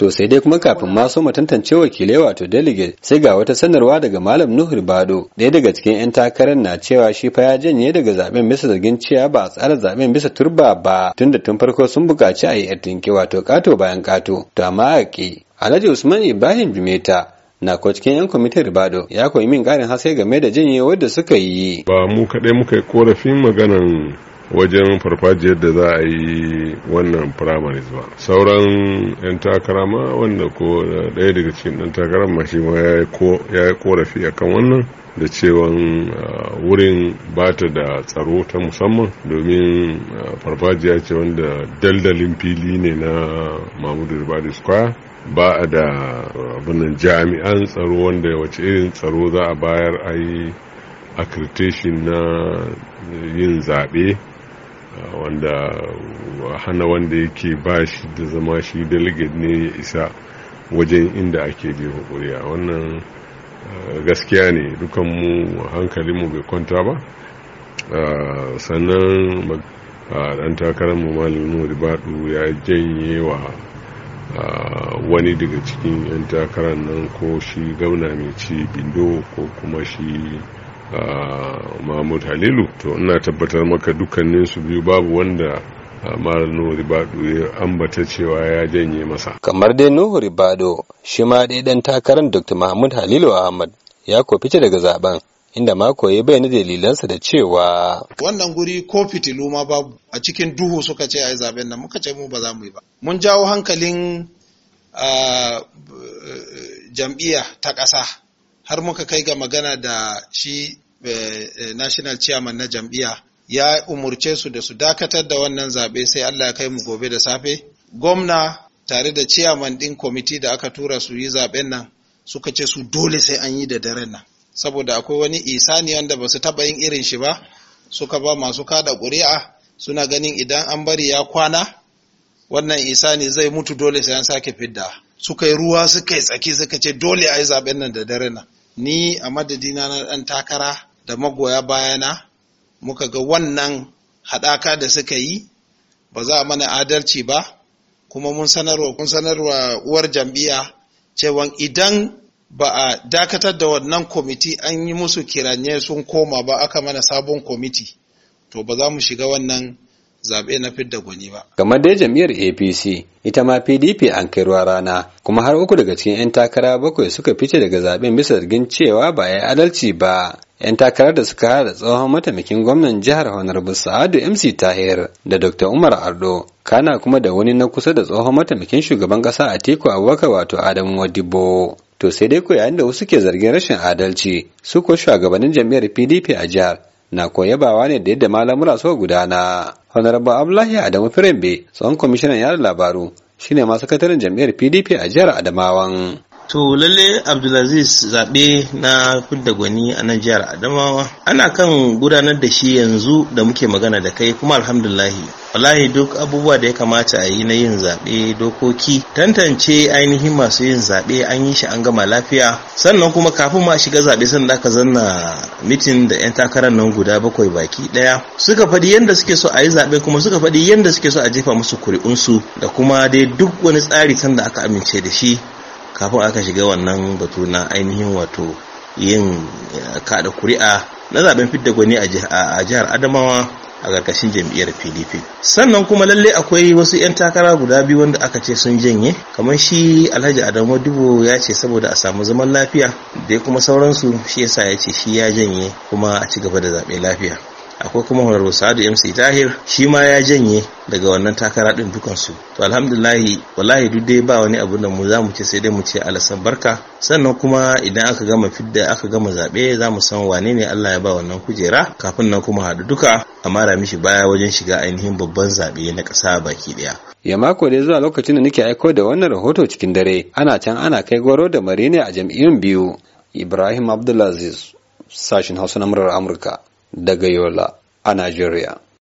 To sai dai kuma kafin ma so mu tantance wakilai wato delegate sai ga wata sanarwa daga Malam Nuhur Bado ɗaya daga cikin 'yan takarar na cewa shi fa ya janye daga zaben bisa zargin cewa ba a tsara zaben bisa turba ba tunda tun farko sun buƙaci a yi ɗinki wato kato bayan kato to amma a ƙi. Alhaji Usman Ibrahim Jumeta na ko cikin yan kwamitin ribado ya koyi min karin haske game da janye wadda suka yi. Ba mu kaɗai muka yi korafin maganan wajen farfajiyar da za a yi wannan primaries ba sauran 'yan takara ma wanda ko ɗaya daga cikin ɗan takara ma shi ma ya yi korafi a kan wannan da cewan wurin ba ta da tsaro ta musamman domin farfajiya ce wanda daldalin fili ne na mahmudu ribadi square ba a da abinnan jami'an tsaro wanda wace irin tsaro za a bayar a yi accreditation na yin zaɓe wanda hana wanda yake ba shi da zama shi delegate ne ya isa wajen inda ake jefa hukuriya wannan eh, gaskiya ne hankali mu bai kwanta ba eh, sannan dan eh, takararmu malamin ribadu ya janye wa wani daga cikin 'yan takarar nan ko shi gauna mai ci bindo ko kuma shi mahmud halilu to ina tabbatar maka dukkanin su biyu babu wanda mara nuhu ribado ya ambata cewa ya janye masa kamar dai nuhu ribado shi ma dai dan takarar dr mahmud halilu ahmad ya ko fice daga zaben inda mako ya bayyana dalilansa da cewa wannan guri ko fitilu ma babu a cikin duhu suka ce ai zaben nan muka ce mu ba za mu yi ba mun jawo hankalin e, jam'iyya ta ƙasa har muka kai ga magana da shi Eh, eh, national chairman na jam'iya ya umurce su da su dakatar da wannan zaɓe sai Allah ya kai mu gobe da safe gwamna tare da chairman ɗin kwamiti da aka tura su yi zaɓen nan suka ce su dole sai an yi da daren nan saboda akwai wani isani wanda ba su taɓa yin irin shi ba suka ba masu kada ƙuri'a suna ganin idan an bari ya kwana wannan isani zai mutu dole sai an sake fidda suka yi ruwa suka yi tsaki suka ce dole a yi zaɓen nan da daren nan ni a madadina na ɗan takara da magoya bayana muka ga wannan haɗaka da suka yi ba za a mana adalci ba kuma mun sanarwa kun sanarwa uwar jam'iya cewa idan ba a dakatar da wannan kwamiti an yi musu kiranye sun koma ba aka mana sabon kwamiti to ba za mu shiga wannan zaɓe na fidda gwani ba. Game da jam'iyyar APC ita ma PDP an kai ruwa rana kuma har uku daga cikin 'yan takara bakwai suka fice daga zaɓen bisa zargin cewa ba ya adalci ba. 'Yan takarar da suka hada tsohon mataimakin gwamnan jihar Honorable Sa'adu MC Tahir da Dr. Umar Ardo kana kuma da wani na kusa da tsohon mataimakin shugaban ƙasa Atiku Abubakar wato Adamu Wadibo. To sai dai ko yayin da wasu ke zargin rashin adalci su ko shugabannin jam'iyyar PDP a jihar na koyabawa ne da yadda malamura suka gudana. Honorable Abdullahi Adamu Firembe, tsohon kwamishinan yada labaru, shine ma sakataren jam'iyyar PDP a jihar Adamawan. To lalle Abdulaziz zaɓe na fidda gwani a nan jihar Adamawa ana kan gudanar da shi yanzu da muke magana da kai kuma alhamdulahi. Wallahi duk abubuwa da ya kamata a yi na yin zaɓe dokoki tantance ainihin masu yin zaɓe an yi shi an gama lafiya sannan kuma kafin ma shiga zaɓe sannan aka zanna mitin da 'yan takarar nan guda bakwai baki ɗaya suka faɗi yadda suke so a yi zaɓe kuma suka faɗi yadda suke so a jefa musu kuri'unsu da kuma dai duk wani tsari sanda aka amince da shi kafin aka shiga wannan batu na ainihin wato yin eh, kada kuri'a na zaben fidda gwani a jihar adamawa a ƙarƙashin jam'iyyar pdp sannan kuma lalle akwai wasu 'yan takara guda biyu wanda aka ce sun janye kamar shi alhaji adamu dubu ya ce saboda a samu zaman lafiya da kuma sauransu shi yasa ya ce shi ya janye kuma a ci gaba da zaɓe lafiya akwai kuma honorable sa'adu mc tahir shi ma ya janye daga wannan takara ɗin dukansu to alhamdulahi wallahi duk dai ba wani abu da mu za mu ce sai dai mu ce alasan barka sannan kuma idan aka gama fidda aka gama zaɓe za mu san wane ne allah ya ba wannan kujera kafin nan kuma haɗu duka a mara mishi baya wajen shiga ainihin babban zaɓe na ƙasa baki ɗaya ya mako da zuwa lokacin da nake aiko da wannan rahoto cikin dare ana can ana kai goro da marine a jam'iyyun biyu ibrahim abdulaziz Sashen hausa na murar amurka daga yola and Nigeria.